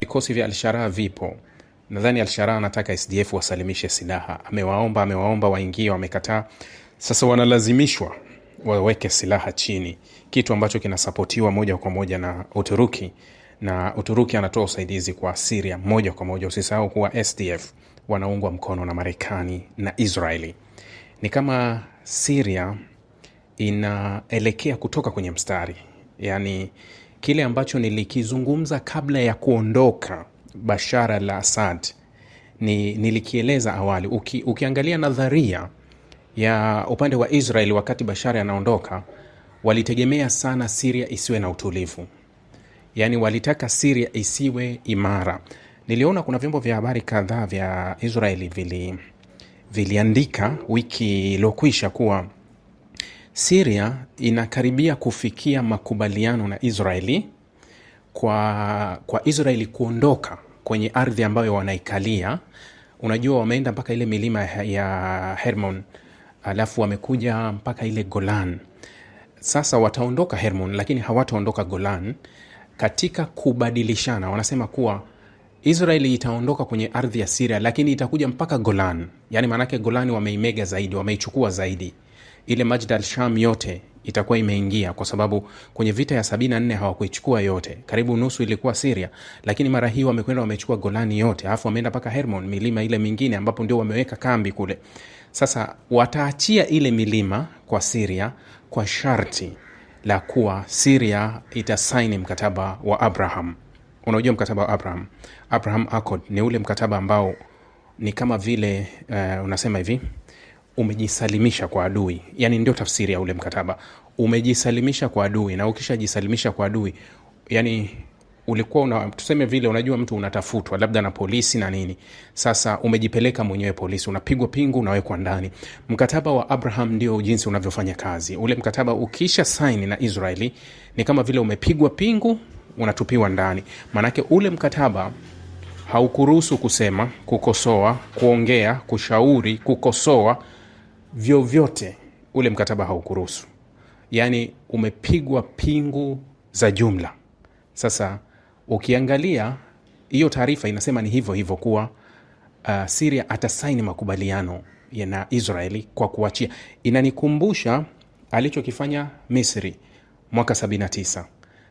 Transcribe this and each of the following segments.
Vikosi vya Alsharaa vipo, nadhani Alsharaa anataka SDF wasalimishe silaha. Amewaomba, amewaomba waingie, wamekataa. Sasa wanalazimishwa waweke silaha chini, kitu ambacho kinasapotiwa moja kwa moja na Uturuki na Uturuki anatoa usaidizi kwa Siria moja kwa moja. Usisahau kuwa SDF wanaungwa mkono na Marekani na Israeli. Ni kama Siria inaelekea kutoka kwenye mstari yani kile ambacho nilikizungumza kabla ya kuondoka Bashar al Assad ni nilikieleza awali. Uki, ukiangalia nadharia ya upande wa Israel wakati Bashar anaondoka, walitegemea sana Siria isiwe na utulivu, yaani walitaka Siria isiwe imara. Niliona kuna vyombo vya habari kadhaa vya Israeli vili viliandika wiki iliyokwisha kuwa siria inakaribia kufikia makubaliano na Israeli kwa, kwa Israeli kuondoka kwenye ardhi ambayo wanaikalia. Unajua, wameenda mpaka ile milima ya Hermon alafu wamekuja mpaka ile Golan. Sasa wataondoka Hermon, lakini hawataondoka Golan. Katika kubadilishana, wanasema kuwa Israeli itaondoka kwenye ardhi ya Siria, lakini itakuja mpaka Golan. Yani maanake Golani wameimega zaidi, wameichukua zaidi ile Majd yote itakuwa imeingia kwa sababu kwenye vita ya 74 hawakuichukua yote, karibu nusu ilikuwa siria lakini mara hii wamekwenda wamechukua Golani yote, alafu wameenda mpaka Hermon, milima ile mingine ambapo ndio wameweka kambi kule. Sasa wataachia ile milima kwa siria kwa sharti la kuwa siria itasaini mkataba wa Abraham. Unajua mkataba wa Abraham, Abraham Accord ni ule mkataba ambao ni kama vile uh, unasema hivi umejisalimisha kwa adui, yani ndio tafsiri ya ule mkataba. Umejisalimisha kwa adui, na ukishajisalimisha kwa adui, yani ulikuwa una, tuseme vile, unajua mtu unatafutwa labda na polisi na nini, sasa umejipeleka mwenyewe polisi, unapigwa pingu, unawekwa ndani. Mkataba wa Abraham ndio jinsi unavyofanya kazi. Ule mkataba ukisha saini na Israeli ni kama vile umepigwa pingu, unatupiwa ndani, maanake ule mkataba haukuruhusu kusema, kukosoa, kuongea, kushauri, kukosoa vyovyote ule mkataba haukuruhusu, yaani umepigwa pingu za jumla. Sasa ukiangalia hiyo taarifa inasema ni hivyo hivyo kuwa uh, siria atasaini makubaliano na Israeli kwa kuachia. Inanikumbusha alichokifanya Misri mwaka 79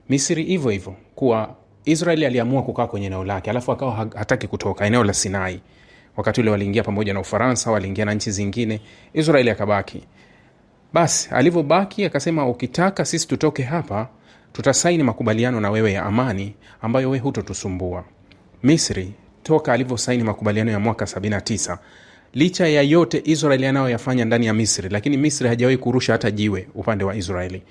Misri hivyo hivyo kuwa Israeli aliamua kukaa kwenye eneo lake, alafu akawa hataki kutoka eneo la Sinai wakati ule waliingia pamoja na Ufaransa, waliingia na nchi zingine, Israeli akabaki. Basi alivyobaki akasema, ukitaka sisi tutoke hapa, tutasaini makubaliano na wewe ya amani ambayo we hutotusumbua. Misri toka alivyosaini makubaliano ya mwaka 79 licha ya yote Israeli anayoyafanya ndani ya Misri, lakini Misri hajawahi kurusha hata jiwe upande wa Israeli.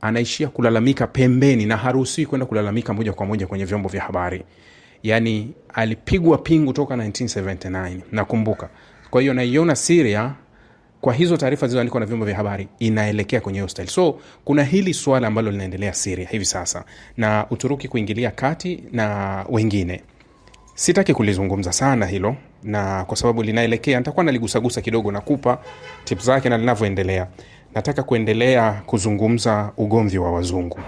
Anaishia kulalamika pembeni na haruhusiwi kwenda kulalamika moja kwa moja kwenye vyombo vya habari yani alipigwa pingu toka 1979 nakumbuka kwa hiyo naiona siria kwa hizo taarifa zilizoandikwa na vyombo vya habari inaelekea kwenye hostel So kuna hili swala ambalo linaendelea Siria hivi sasa na Uturuki kuingilia kati na wengine, sitaki kulizungumza sana hilo, na kwa sababu linaelekea, nitakuwa naligusagusa kidogo, nakupa tip zake na linavyoendelea. Nataka kuendelea kuzungumza ugomvi wa wazungu,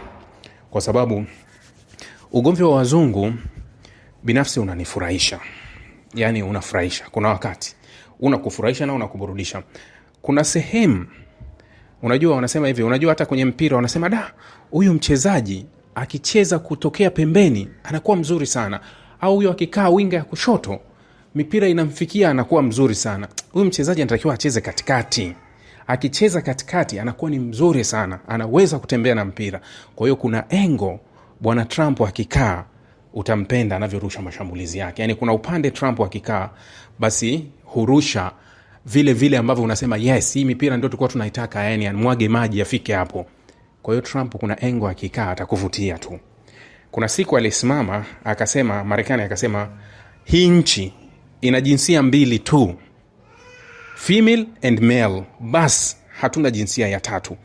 kwa sababu ugomvi wa wazungu binafsi unanifurahisha, yani unafurahisha. Kuna wakati unakufurahisha na unakuburudisha. Kuna sehemu unajua, wanasema hivi, unajua hata kwenye mpira wanasema da, huyu mchezaji akicheza kutokea pembeni anakuwa mzuri sana, au huyo akikaa winga ya kushoto mipira inamfikia anakuwa mzuri sana. Huyu mchezaji anatakiwa acheze katikati akicheza katikati anakuwa ni mzuri sana, anaweza kutembea na mpira. Kwa hiyo kuna engo bwana Trump akikaa utampenda anavyorusha mashambulizi yake. Yani kuna upande Trump akikaa basi hurusha vile vile ambavyo unasema yes, hii mipira ndio tulikuwa tunaitaka, yani mwage maji afike hapo. Kwa hiyo Trump kuna engo akikaa atakuvutia tu. Kuna siku alisimama akasema, Marekani akasema hii nchi ina jinsia mbili tu, female and male, bas hatuna jinsia ya tatu.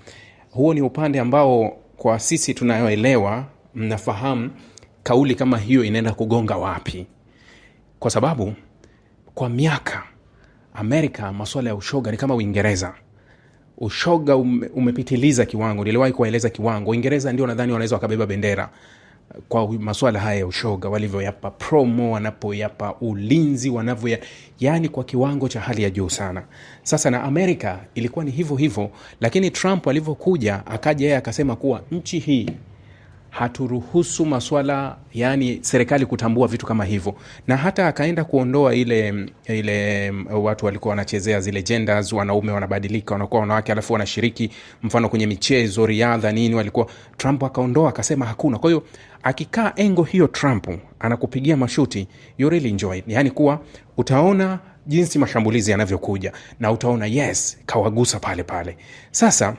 Huo ni upande ambao kwa sisi tunayoelewa, mnafahamu kauli kama hiyo inaenda kugonga wapi? Kwa sababu kwa miaka Amerika masuala ya ushoga ni kama Uingereza. Ushoga ume, umepitiliza kiwango. Niliwahi kuwaeleza kiwango. Uingereza ndio nadhani wanaweza wakabeba bendera kwa masuala haya ya ushoga, walivyoyapa promo, wanapoyapa ulinzi, wanavyoya, yani kwa kiwango cha hali ya juu sana. Sasa na Amerika ilikuwa ni hivyo hivyo, lakini Trump alivyokuja akaja yeye akasema kuwa nchi hii haturuhusu maswala yani serikali kutambua vitu kama hivyo, na hata akaenda kuondoa ile ile um, watu walikuwa wanachezea zile genders, wanaume wanabadilika wanakuwa wanawake, alafu wanashiriki mfano kwenye michezo, riadha, nini walikuwa. Trump akaondoa akasema hakuna. Kwa hiyo akikaa engo hiyo, Trump anakupigia mashuti, really enjoy, yani kuwa utaona jinsi mashambulizi yanavyokuja na utaona yes, kawagusa pale pale sasa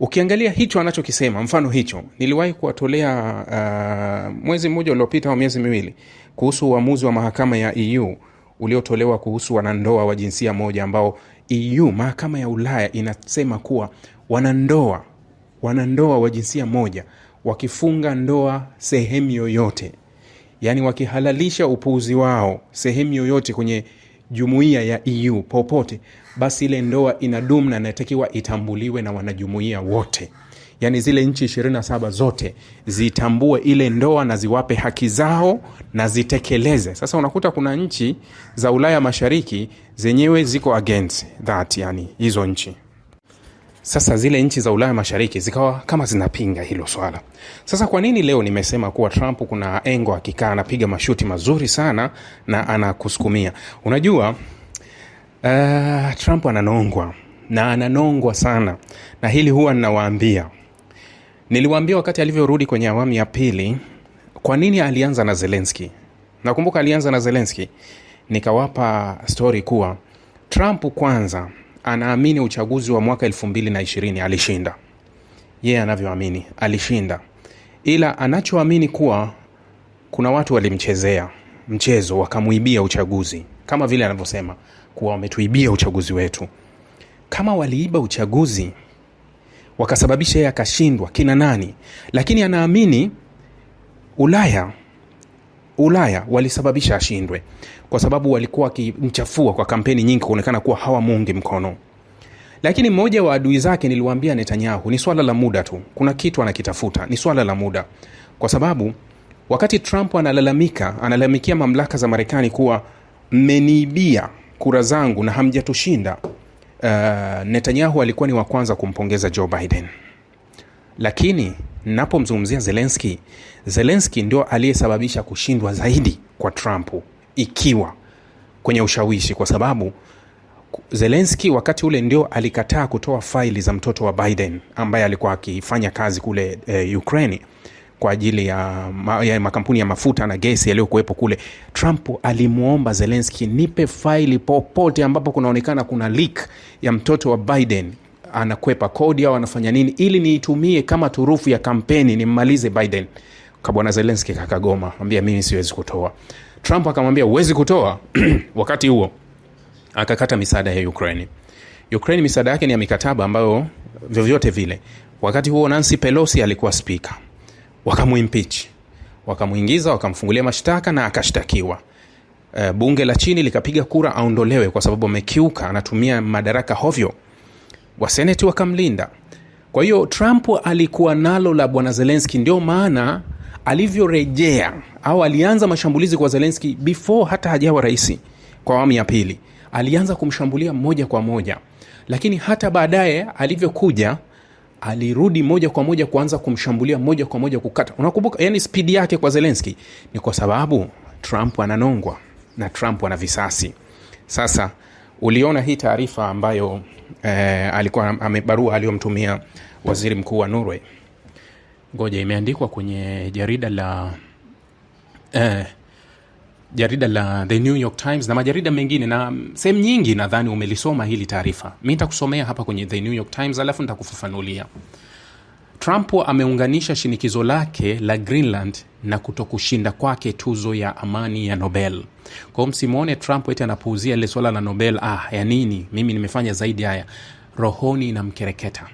Ukiangalia hicho anachokisema, mfano hicho niliwahi kuwatolea uh, mwezi mmoja uliopita au miezi miwili kuhusu uamuzi wa mahakama ya EU uliotolewa kuhusu wanandoa wa jinsia moja, ambao EU, mahakama ya Ulaya inasema kuwa wanandoa wanandoa wa jinsia moja wakifunga ndoa sehemu yoyote, yaani wakihalalisha upuuzi wao sehemu yoyote kwenye jumuiya ya EU popote, basi ile ndoa inadumu na inatakiwa itambuliwe na wanajumuiya wote, yaani zile nchi 27 zote zitambue ile ndoa na ziwape haki zao na zitekeleze. Sasa unakuta kuna nchi za Ulaya Mashariki zenyewe ziko against that, yani hizo nchi sasa zile nchi za Ulaya Mashariki zikawa kama zinapinga hilo swala. Sasa kwa nini leo nimesema kuwa Trump kuna engo akikaa anapiga mashuti mazuri sana na anakusukumia? Unajua uh, Trump ananongwa na ananongwa sana, na hili huwa ninawaambia, niliwaambia wakati alivyorudi kwenye awamu ya pili. Kwa nini alianza na Zelensky? Nakumbuka alianza na Zelensky, nikawapa stori kuwa Trump kwanza anaamini uchaguzi wa mwaka elfu mbili na ishirini alishinda yeye, yeah, anavyoamini alishinda, ila anachoamini kuwa kuna watu walimchezea mchezo wakamwibia uchaguzi, kama vile anavyosema kuwa wametuibia uchaguzi wetu. Kama waliiba uchaguzi wakasababisha yeye akashindwa, kina nani? Lakini anaamini Ulaya Ulaya walisababisha ashindwe kwa sababu walikuwa wakimchafua kwa kampeni nyingi kuonekana kuwa hawamuungi mkono. Lakini mmoja wa adui zake, niliwambia Netanyahu, ni swala la muda tu, kuna kitu anakitafuta, ni swala la muda, kwa sababu wakati Trump analalamika, analalamikia mamlaka za Marekani kuwa mmeniibia kura zangu na hamjatushinda. Uh, Netanyahu alikuwa ni wa kwanza kumpongeza Joe Biden, lakini napomzungumzia Zelenski, Zelenski ndio aliyesababisha kushindwa zaidi kwa Trump ikiwa kwenye ushawishi, kwa sababu zelenski wakati ule ndio alikataa kutoa faili za mtoto wa Biden ambaye alikuwa akifanya kazi kule e, Ukraine kwa ajili ya, ma, ya makampuni ya mafuta na gesi yaliyokuwepo kule. Trump alimwomba zelenski nipe faili popote ambapo kunaonekana kuna leak ya mtoto wa Biden anakwepa kodi au anafanya nini, ili niitumie kama turufu ya kampeni nimmalize Biden. Kabwana zelenski kakagoma, ambia mimi siwezi kutoa. Trump akamwambia huwezi kutoa wakati huo akakata misaada ya Ukraine. Ukraine misaada yake ni ya mikataba ambayo vyovyote vile. Wakati huo Nancy Pelosi alikuwa spika, wakamuimpeach, wakamuingiza, wakamfungulia mashtaka na akashtakiwa. e, bunge la chini likapiga kura aondolewe kwa sababu amekiuka, anatumia madaraka hovyo. Waseneti wakamlinda. Kwa hiyo Trump alikuwa nalo la bwana Zelensky, ndio maana alivyorejea au alianza mashambulizi kwa zelenski before hata hajawa rais kwa awamu ya pili, alianza kumshambulia moja kwa moja, lakini hata baadaye alivyokuja alirudi moja kwa moja kuanza kumshambulia moja kwa moja kukata. Unakumbuka yani spidi yake kwa Zelenski Ni kwa sababu Trump ananongwa na Trump ana visasi. Sasa uliona hii taarifa ambayo eh, alikuwa amebarua aliyomtumia waziri mkuu wa Norway, ngoja imeandikwa kwenye jarida la eh, jarida la The New York Times na majarida mengine na sehemu nyingi, nadhani umelisoma hili taarifa. Mi nitakusomea hapa kwenye The New York Times alafu nitakufafanulia. Trump ameunganisha shinikizo lake la Greenland na kutokushinda kwake tuzo ya amani ya Nobel. Kwa hiyo msimwone Trump eti anapuuzia ile swala la Nobel. Ah, ya nini? Mimi nimefanya zaidi haya. Rohoni mkereketa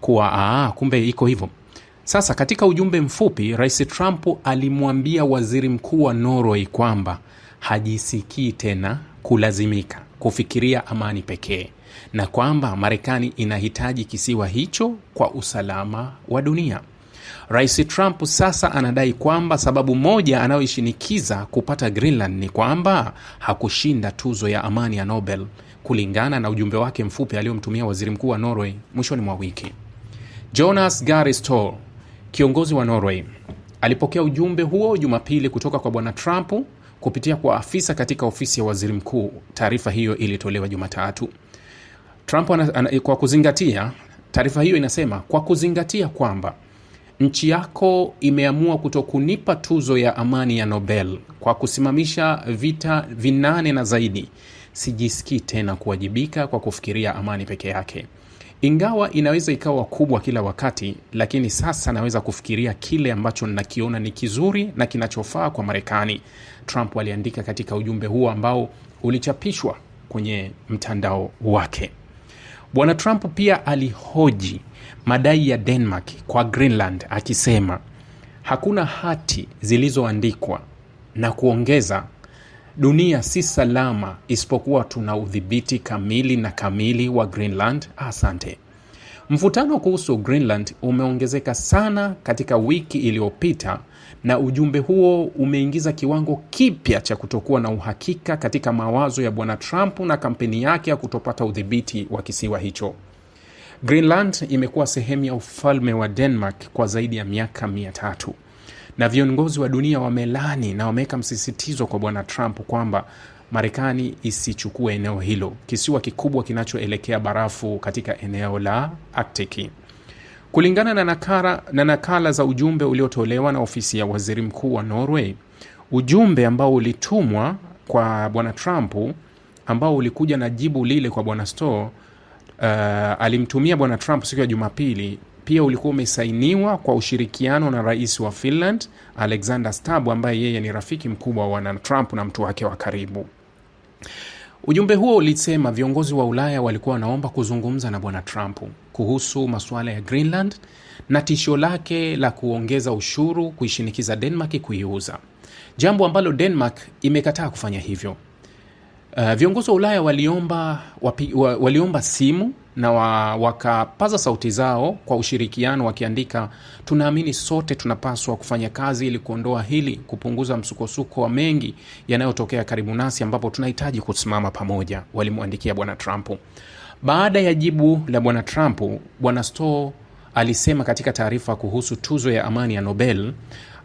kuwa ah, kumbe iko hivyo. Sasa katika ujumbe mfupi, Rais Trump alimwambia waziri mkuu wa Norway kwamba hajisikii tena kulazimika kufikiria amani pekee na kwamba Marekani inahitaji kisiwa hicho kwa usalama wa dunia. Rais Trump sasa anadai kwamba sababu moja anayoishinikiza kupata Greenland ni kwamba hakushinda tuzo ya amani ya Nobel, kulingana na ujumbe wake mfupi aliyomtumia waziri mkuu wa Norway mwishoni mwa wiki. Jonas Gahr Store Kiongozi wa Norway alipokea ujumbe huo Jumapili kutoka kwa bwana Trump kupitia kwa afisa katika ofisi ya waziri mkuu. Taarifa hiyo ilitolewa Jumatatu. Trump ana, ana, kwa kuzingatia taarifa hiyo inasema kwa kuzingatia kwamba nchi yako imeamua kutokunipa tuzo ya amani ya Nobel kwa kusimamisha vita vinane na zaidi, sijisikii tena kuwajibika kwa kufikiria amani peke yake. Ingawa inaweza ikawa kubwa kila wakati, lakini sasa naweza kufikiria kile ambacho nakiona ni kizuri na kinachofaa kwa Marekani, Trump aliandika katika ujumbe huo ambao ulichapishwa kwenye mtandao wake. Bwana Trump pia alihoji madai ya Denmark kwa Greenland akisema hakuna hati zilizoandikwa na kuongeza Dunia si salama isipokuwa tuna udhibiti kamili na kamili wa Greenland. Asante. Mvutano kuhusu Greenland umeongezeka sana katika wiki iliyopita na ujumbe huo umeingiza kiwango kipya cha kutokuwa na uhakika katika mawazo ya Bwana Trump na kampeni yake ya kutopata udhibiti wa kisiwa hicho. Greenland imekuwa sehemu ya ufalme wa Denmark kwa zaidi ya miaka mia tatu na viongozi wa dunia wamelani na wameweka msisitizo kwa bwana Trump kwamba Marekani isichukue eneo hilo, kisiwa kikubwa kinachoelekea barafu katika eneo la aktiki Kulingana na nakala, na nakala za ujumbe uliotolewa na ofisi ya waziri mkuu wa Norway, ujumbe ambao ulitumwa kwa bwana Trump ambao ulikuja na jibu lile kwa bwana Støre. Uh, eh, alimtumia bwana Trump siku ya Jumapili pia ulikuwa umesainiwa kwa ushirikiano na rais wa Finland Alexander Stubb ambaye yeye ni rafiki mkubwa wa Trump na mtu wake wa karibu. Ujumbe huo ulisema viongozi wa Ulaya walikuwa wanaomba kuzungumza na bwana Trump kuhusu masuala ya Greenland na tisho lake la kuongeza ushuru kuishinikiza Denmark kuiuza, jambo ambalo Denmark imekataa kufanya hivyo. Uh, viongozi wa Ulaya waliomba, wapi, waliomba simu na wa, wakapaza sauti zao kwa ushirikiano wakiandika, tunaamini sote tunapaswa kufanya kazi ili kuondoa hili, kupunguza msukosuko wa mengi yanayotokea karibu nasi, ambapo tunahitaji kusimama pamoja, walimwandikia bwana Trump. Baada ya jibu la bwana Trump, bwana Stowe alisema katika taarifa kuhusu tuzo ya amani ya Nobel,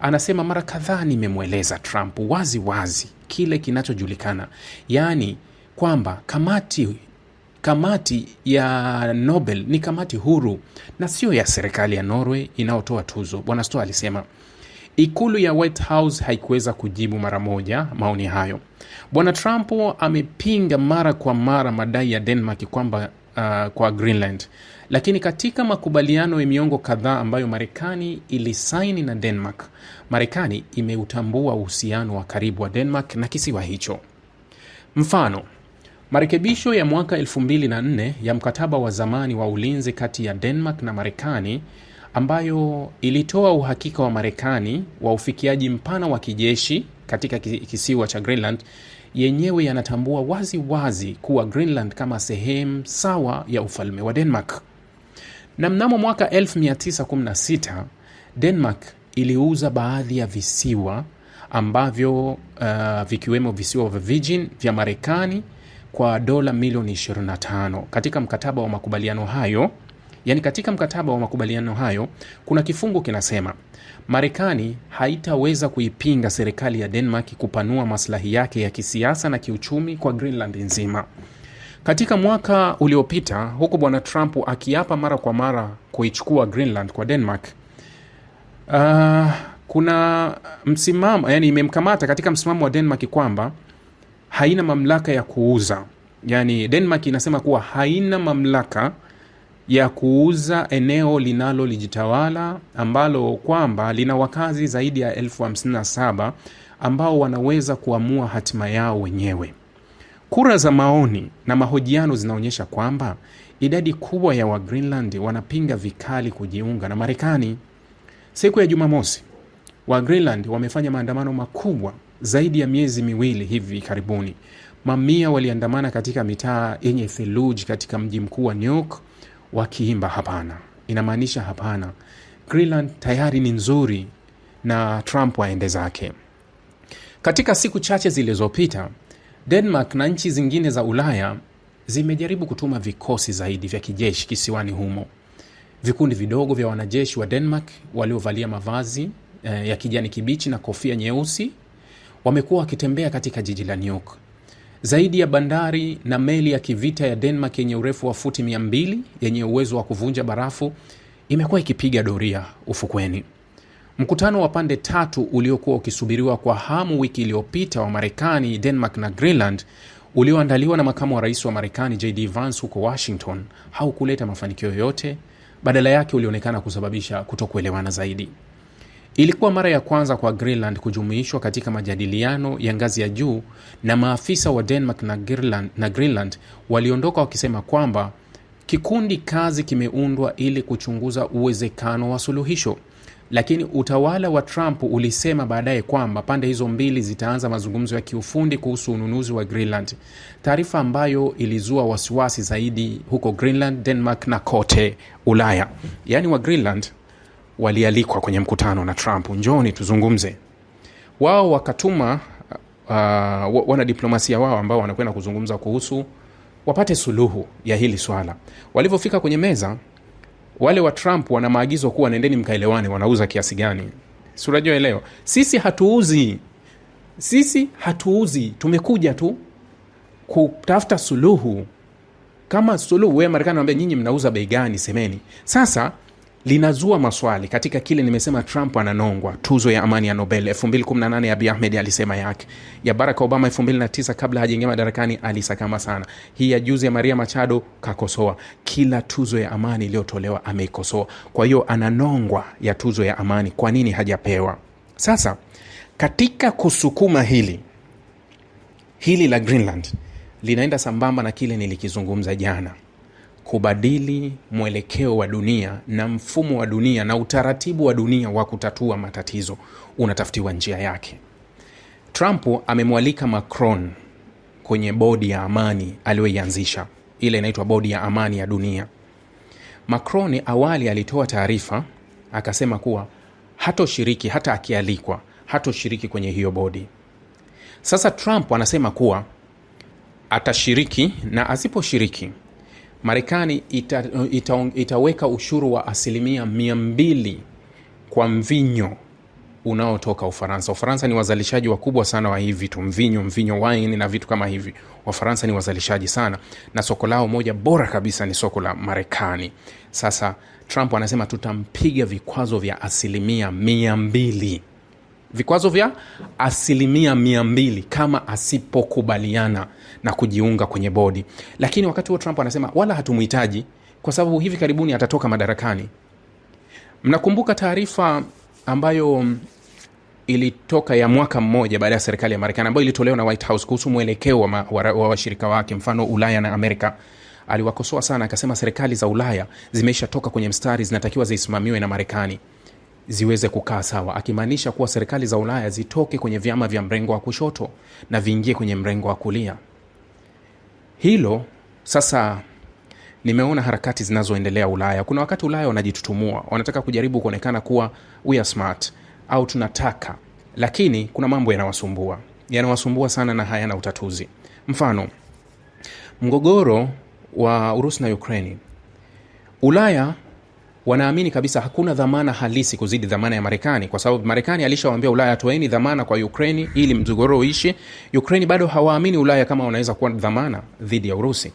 anasema mara kadhaa nimemweleza Trump wazi wazi kile kinachojulikana, yaani kwamba kamati Kamati ya Nobel ni kamati huru na sio ya serikali ya Norway inayotoa tuzo, Bwana Stoa alisema. Ikulu ya White House haikuweza kujibu mara moja maoni hayo. Bwana Trump amepinga mara kwa mara madai ya Denmark kwamba uh, kwa Greenland, lakini katika makubaliano ya miongo kadhaa ambayo Marekani ilisaini na Denmark, Marekani imeutambua uhusiano wa karibu wa Denmark na kisiwa hicho. Mfano, Marekebisho ya mwaka 2004 ya mkataba wa zamani wa ulinzi kati ya Denmark na Marekani ambayo ilitoa uhakika wa Marekani wa ufikiaji mpana wa kijeshi katika kisiwa cha Greenland yenyewe yanatambua wazi wazi kuwa Greenland kama sehemu sawa ya ufalme wa Denmark. Na mnamo mwaka 1916 Denmark iliuza baadhi ya visiwa ambavyo uh, vikiwemo visiwa vya Virgin vya Marekani kwa dola milioni 25 katika mkataba wa makubaliano hayo. Yani, katika mkataba wa makubaliano hayo kuna kifungu kinasema Marekani haitaweza kuipinga serikali ya Denmark kupanua maslahi yake ya kisiasa na kiuchumi kwa Greenland nzima. Katika mwaka uliopita, huku bwana Trump akiapa mara kwa mara kuichukua Greenland kwa Denmark, uh, kuna msimamo yani, imemkamata katika msimamo wa Denmark kwamba haina mamlaka ya kuuza, yani Denmark inasema kuwa haina mamlaka ya kuuza eneo linalolijitawala ambalo kwamba lina wakazi zaidi ya 57 ambao wanaweza kuamua hatima yao wenyewe. Kura za maoni na mahojiano zinaonyesha kwamba idadi kubwa ya Wagreenland wanapinga vikali kujiunga na Marekani. Siku ya Jumamosi, Wagreenland wamefanya maandamano makubwa zaidi ya miezi miwili hivi karibuni, mamia waliandamana katika mitaa yenye theluji katika mji mkuu wa New York wakiimba hapana. Inamaanisha hapana, Greenland tayari ni nzuri na Trump waende zake. Katika siku chache zilizopita, Denmark na nchi zingine za Ulaya zimejaribu kutuma vikosi zaidi vya kijeshi kisiwani humo. Vikundi vidogo vya wanajeshi wa Denmark waliovalia mavazi eh, ya kijani kibichi na kofia nyeusi wamekuwa wakitembea katika jiji la York. Zaidi ya bandari na meli ya kivita ya Denmark yenye urefu wa futi 20 yenye uwezo wa kuvunja barafu imekuwa ikipiga doria ufukweni. Mkutano wa pande tatu uliokuwa ukisubiriwa kwa hamu wiki iliyopita wa Marekani, Denmark na Greenland ulioandaliwa na makamu wa rais wa Marekani JD Vance huko Washington haukuleta mafanikio yoyote, badala yake ulionekana kusababisha kutokuelewana zaidi. Ilikuwa mara ya kwanza kwa Greenland kujumuishwa katika majadiliano ya ngazi ya juu na maafisa wa Denmark na Greenland, na Greenland waliondoka wakisema kwamba kikundi kazi kimeundwa ili kuchunguza uwezekano wa suluhisho. Lakini utawala wa Trump ulisema baadaye kwamba pande hizo mbili zitaanza mazungumzo ya kiufundi kuhusu ununuzi wa Greenland, taarifa ambayo ilizua wasiwasi zaidi huko Greenland, Denmark na kote Ulaya. Yaani wa Greenland walialikwa kwenye mkutano na Trump, njoni tuzungumze. Wao wakatuma uh, uh, wanadiplomasia wao ambao wanakwenda kuzungumza kuhusu wapate suluhu ya hili swala. Walivyofika kwenye meza, wale wa Trump wana maagizo kuwa nendeni mkaelewane, wanauza kiasi gani. Si unajua sisi hatuuzi, sisi hatuuzi, tumekuja tu kutafuta suluhu. Kama suluhu, we Marekani wambia nyinyi mnauza bei gani? Semeni sasa linazua maswali katika kile nimesema, Trump ananongwa tuzo ya amani ya Nobel 218 ya Ahmed alisema yake, ya Barack Obama 29 kabla hajaingia madarakani alisakama sana, hii ya juzi ya Maria Machado kakosoa. Kila tuzo ya amani iliyotolewa ameikosoa. Kwa hiyo ananongwa ya tuzo ya amani, kwa nini hajapewa? Sasa katika kusukuma hili hili la Greenland linaenda sambamba na kile nilikizungumza jana kubadili mwelekeo wa dunia na mfumo wa dunia na utaratibu wa dunia wa kutatua matatizo unatafutiwa njia yake. Trump amemwalika Macron kwenye bodi ya amani aliyoianzisha, ile inaitwa bodi ya amani ya dunia. Macron awali alitoa taarifa akasema kuwa hatoshiriki hata akialikwa, hatoshiriki kwenye hiyo bodi. Sasa Trump anasema kuwa atashiriki na asiposhiriki Marekani ita, ita, itaweka ushuru wa asilimia 20 kwa mvinyo unaotoka Ufaransa. Ufaransa ni wazalishaji wakubwa sana wa hii vitu, mvinyo, mvinyo wine na vitu kama hivi. Wafaransa ni wazalishaji sana, na soko lao moja bora kabisa ni soko la Marekani. Sasa Trump anasema tutampiga vikwazo vya asilimia mia mbili vikwazo vya asilimia mia mbili kama asipokubaliana na kujiunga kwenye bodi. Lakini wakati huo Trump anasema wala hatumhitaji kwa sababu hivi karibuni atatoka madarakani. Mnakumbuka taarifa ambayo mm, ilitoka ya mwaka mmoja baada ya serikali ya Marekani ambayo ilitolewa na White House kuhusu mwelekeo wa washirika wa, washirika wake mfano Ulaya na Amerika. Aliwakosoa sana akasema, serikali za Ulaya zimeisha toka kwenye mstari, zinatakiwa zisimamiwe na Marekani ziweze kukaa sawa, akimaanisha kuwa serikali za Ulaya zitoke kwenye vyama vya mrengo wa kushoto na viingie kwenye mrengo wa kulia hilo sasa nimeona harakati zinazoendelea Ulaya. Kuna wakati Ulaya wanajitutumua, wanataka kujaribu kuonekana kuwa we are smart au tunataka, lakini kuna mambo yanawasumbua, yanawasumbua sana na hayana utatuzi. Mfano, mgogoro wa Urusi na Ukraini, Ulaya wanaamini kabisa hakuna dhamana halisi kuzidi dhamana ya Marekani, kwa sababu Marekani alishawambia Ulaya toeni dhamana kwa Ukraini ili mzogoro uishi. Ukraini bado hawaamini Ulaya kama wanaweza kuwa dhamana dhidi ya Urusi.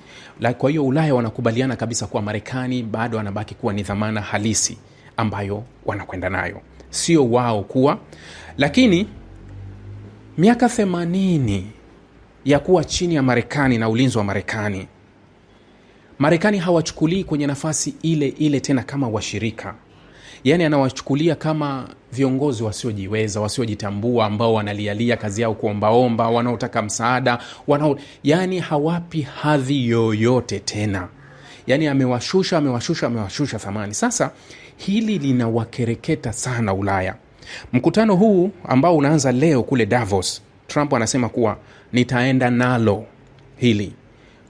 Kwa hiyo Ulaya wanakubaliana kabisa kuwa Marekani bado anabaki kuwa ni dhamana halisi ambayo wanakwenda nayo, sio wao kuwa. Lakini miaka 80 ya kuwa chini ya Marekani na ulinzi wa Marekani Marekani hawachukulii kwenye nafasi ile ile tena kama washirika, yaani anawachukulia kama viongozi wasiojiweza, wasiojitambua, ambao wanalialia kazi yao kuombaomba, wanaotaka msaada, wanao yaani hawapi hadhi yoyote tena. Yaani amewashusha, amewashusha, amewashusha thamani. Sasa hili linawakereketa sana Ulaya. Mkutano huu ambao unaanza leo kule Davos, Trump anasema kuwa nitaenda nalo hili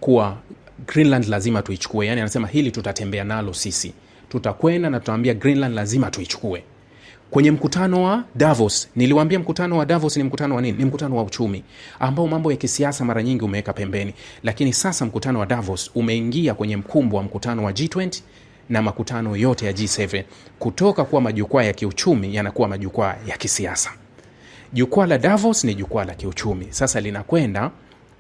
kuwa Greenland lazima tuichukue. Yani anasema hili tutatembea nalo sisi, tutakwenda na tutaambia Greenland lazima tuichukue. Kwenye mkutano wa Davos niliwaambia, mkutano wa Davos ni mkutano wa nini? Ni mkutano wa uchumi ambao mambo ya kisiasa mara nyingi umeweka pembeni, lakini sasa mkutano wa Davos umeingia kwenye mkumbo wa mkutano wa G20 na makutano yote ya G7 kutoka kuwa majukwaa ya kiuchumi yanakuwa majukwaa ya kisiasa. Jukwaa la Davos ni jukwaa la kiuchumi, sasa linakwenda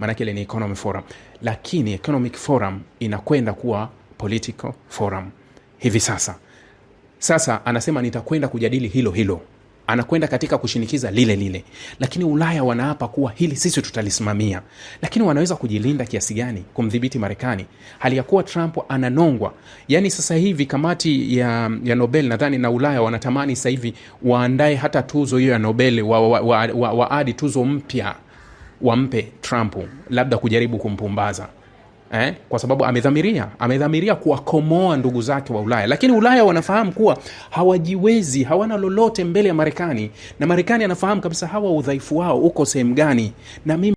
maanake ile ni economic forum, lakini economic forum inakwenda kuwa political forum hivi sasa. Sasa anasema nitakwenda kujadili hilo hilo, anakwenda katika kushinikiza lile lile, lakini Ulaya wanaapa kuwa hili sisi tutalisimamia. Lakini wanaweza kujilinda kiasi gani kumdhibiti Marekani hali ya kuwa Trump ananongwa? Yani sasa hivi kamati ya, ya Nobel nadhani na Ulaya wanatamani sasa hivi waandae hata tuzo hiyo ya Nobel, waadi wa, wa, wa, wa, wa tuzo mpya wampe Trump labda kujaribu kumpumbaza eh? Kwa sababu amedhamiria, amedhamiria kuwakomoa ndugu zake wa Ulaya, lakini Ulaya wanafahamu kuwa hawajiwezi, hawana lolote mbele ya Marekani, na Marekani anafahamu kabisa hawa udhaifu wao uko sehemu gani, na mimi